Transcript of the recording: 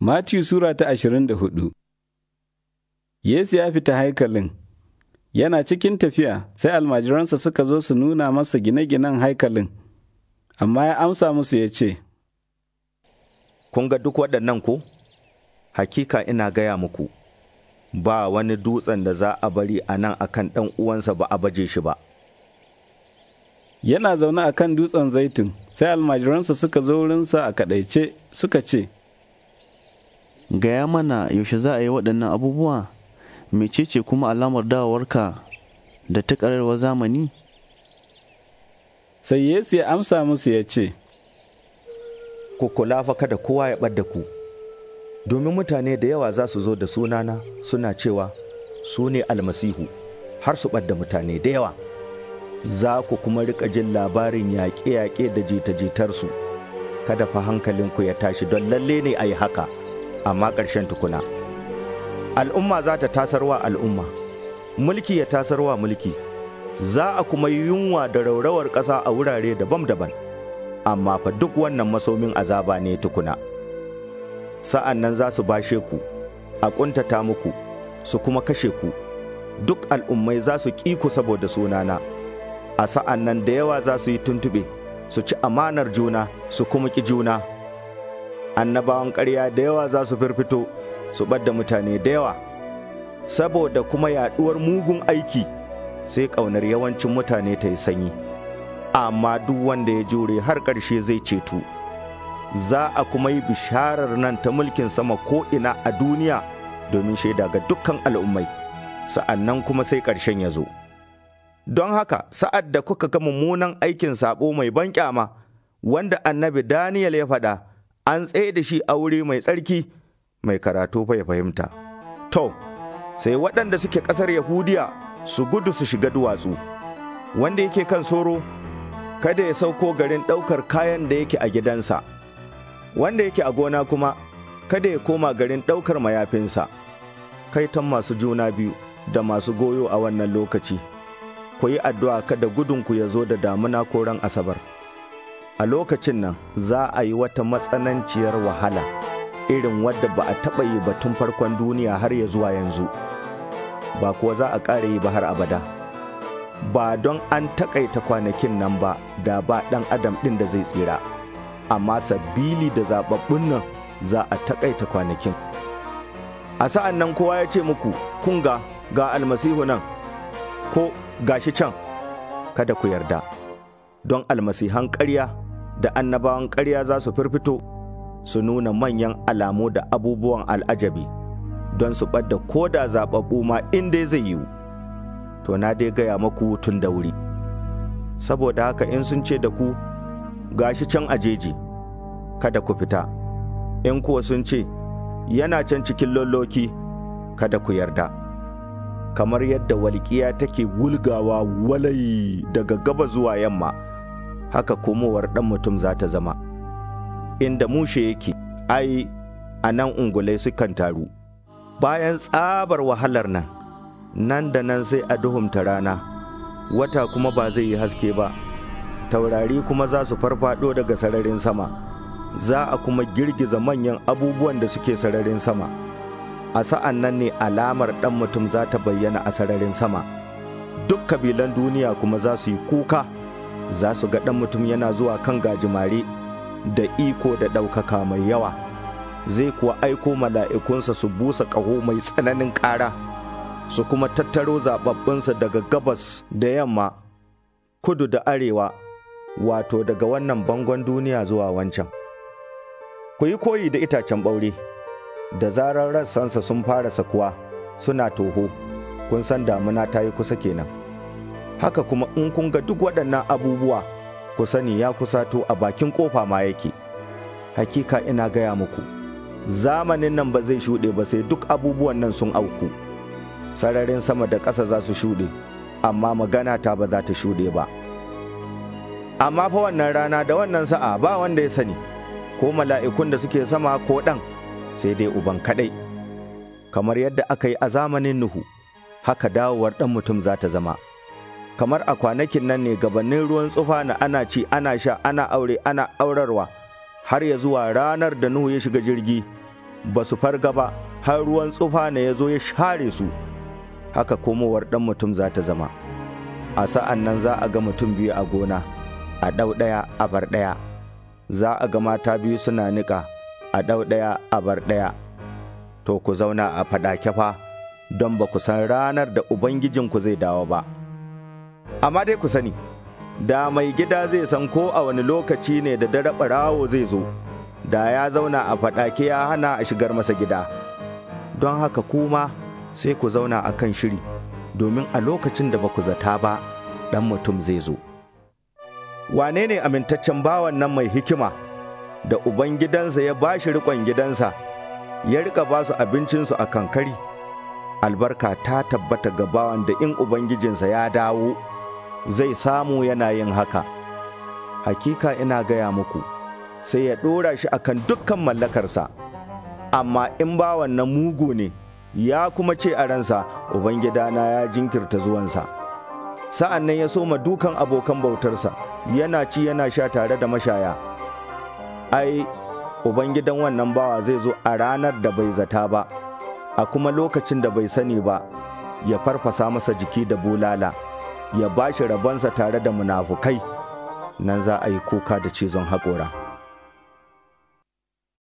Matiyu Sura ta ashirin da hudu Yesu ya fita haikalin, yana cikin tafiya sai almajiransa suka zo su nuna masa gine-ginen haikalin, amma ya amsa musu ya ce, Kun ga duk waɗannan ku? Hakika ina gaya muku, ba wani dutsen da za a bari a nan a kan ɗan uwansa ba a baje shi ba. Yana zaune a kan dutsen zaitun, sai almajiransa suka zo wurinsa a kaɗaice suka ce, Gaya mana yaushe za a yi waɗannan abubuwa, mecece kuma alamar dawowarka da ta ƙararwa zamani? Sai Yesu ya amsa musu ya ce, Ku kula fa kada kowa ya ɓadda ku, domin mutane da yawa za su zo da sunana suna cewa su ne almasihu har su ɓadda mutane da yawa. Za ku kuma riƙa jin labarin yaƙe-yaƙe da jita-jitarsu, kada fa hankalinku ya tashi don lalle ne a yi haka. amma ƙarshen tukuna al'umma za ta tasarwa al'umma mulki ya tasarwa mulki za a kuma yi yunwa da raurawar ƙasa a wurare daban-daban amma fa duk wannan masomin azaba ne tukuna sa'an nan za su bashe ku a ƙuntata muku su kuma kashe ku duk al'ummai za su ƙi ku saboda sunana a sa'an nan da yawa za su yi tuntuɓe su ci amanar juna su kuma ƙi juna annabawan karya da yawa za su firfito su ɓadda mutane da yawa saboda kuma yaɗuwar mugun aiki sai ƙaunar yawancin mutane ta yi sanyi amma duk wanda ya jure har ƙarshe zai ceto, za a kuma yi bisharar nan ta mulkin sama ko ina a duniya domin shaida ga dukkan al'ummai sa'annan kuma sai ƙarshen ya zo don haka sa'ad da kuka ga mummunan aikin saɓo mai ban kyama wanda annabi daniel ya faɗa an tsaye da shi a wuri mai tsarki mai karatu fa ya fahimta. To, sai waɗanda suke ƙasar Yahudiya su gudu su shiga duwatsu, wanda yake kan soro, kada ya sauko garin ɗaukar kayan da yake a gidansa, wanda yake a gona kuma, kada ya koma garin ɗaukar mayafinsa, Kai kaitan masu juna biyu da masu goyo a wannan lokaci, ku yi addu'a kada gudunku ya zo da damuna ko ran Asabar. a lokacin nan za a yi wata matsananciyar wahala irin wadda ba a taɓa yi batun farkon duniya har ya zuwa yanzu ba kuwa za a ƙara yi ba har abada ba don an taƙaita kwanakin nan ba da ba ɗan adam ɗin da zai tsira amma sabili da zaɓaɓɓun nan za a taƙaita kwanakin a sa'an nan kowa ya ce muku "Kun ga almasihu nan ko gashi can kada ku yarda don almasihan ƙarya da annabawan ƙarya za su firfito su nuna manyan alamu da abubuwan al'ajabi don su ɓadda ko da zaɓaɓɓu ma inda zai yiwu to na dai gaya maku tun da wuri saboda haka in sun ce da ku gashi can ajeji kada ku fita in kuwa sun ce yana can cikin lolloki kada ku yarda kamar yadda walƙiya take wulgawa walai daga gaba zuwa yamma haka komowar ɗan mutum za ta zama. Inda mushe yake, ai, a nan ungulai sukan taru. Bayan tsabar wahalar nan, nan da nan sai a duhumta rana, wata kuma ba zai yi haske ba, taurari kuma za su farfado daga sararin sama, za a kuma girgiza manyan abubuwan da suke sararin sama. a sa'an nan ne alamar ɗan mutum za ta bayyana a sararin sama duk kabilan duniya kuma za su yi kuka za su ga ɗan mutum yana zuwa kan gajimare da iko da ɗaukaka mai yawa zai kuwa aiko mala'ikunsa su busa ƙaho mai tsananin ƙara su kuma tattaro zaɓaɓɓinsa daga gabas da yamma kudu da arewa wato daga wannan bangon duniya zuwa wancan ku yi koyi da itacen ɓaure da zarar rassansa sun fara sakuwa suna toho kun san damuna ta yi kusa kenan haka kuma in kun ga duk waɗannan abubuwa ku sani ya kusato a bakin ƙofa ma yake hakika ina gaya muku zamanin nan ba zai shuɗe ba sai duk abubuwan nan sun auku sararin sama da ƙasa za su shuɗe amma magana ta ba za ta shuɗe ba amma fa wannan rana da wannan sa'a ba wanda ya sani ko mala'ikun da suke sama ko ɗan sai dai uban kaɗai kamar yadda aka yi a zamanin nuhu haka dawowar ɗan mutum za ta zama. kamar a kwanakin nan ne gabanin ruwan tsufa na ana ci ana sha ana aure ana aurarwa har ya zuwa ranar da Nuhu ya shiga jirgi ba su farga ba har ruwan tsufa na ya zo ya share su haka komowar ɗan mutum za ta zama a sa'an nan za a ga mutum biyu a gona a ɗau ɗaya a bar ɗaya za a ga mata biyu suna niƙa a ɗau ɗaya a bar ɗaya to ku zauna a faɗake fa don ba ku san ranar da ubangijinku zai dawo ba. Amma dai ku sani, da mai gida zai san ko a wani lokaci ne da dare ɓarawo zai zo, da ya zauna a faɗake ya hana a shigar masa gida. Don haka kuma sai ku zauna a kan shiri, domin a lokacin da ba ku zata ba, ɗan mutum zai zo. Wane ne amintaccen bawan nan mai hikima da Ubangidansa ya ba shi riƙon gidansa, ya riƙa ba su abincinsu a kankari, albarka ta tabbata ga bawan da in Ubangijinsa ya dawo. zai samu yana yin haka. Hakika ina gaya muku, sai ya ɗora shi a kan dukkan mallakarsa, amma in ba wannan mugu ne, ya kuma ce a ransa, Ubangidana ya jinkirta zuwansa. Sa'an nan ya soma dukan abokan bautarsa, yana ci yana sha tare da mashaya. Ai, Ubangidan wannan bawa zai zo a ranar da bai zata ba, a kuma lokacin da bai sani ba, ya farfasa masa jiki da bulala. ya ba shi rabonsa tare da munafukai nan za a yi kuka da cizon haƙora.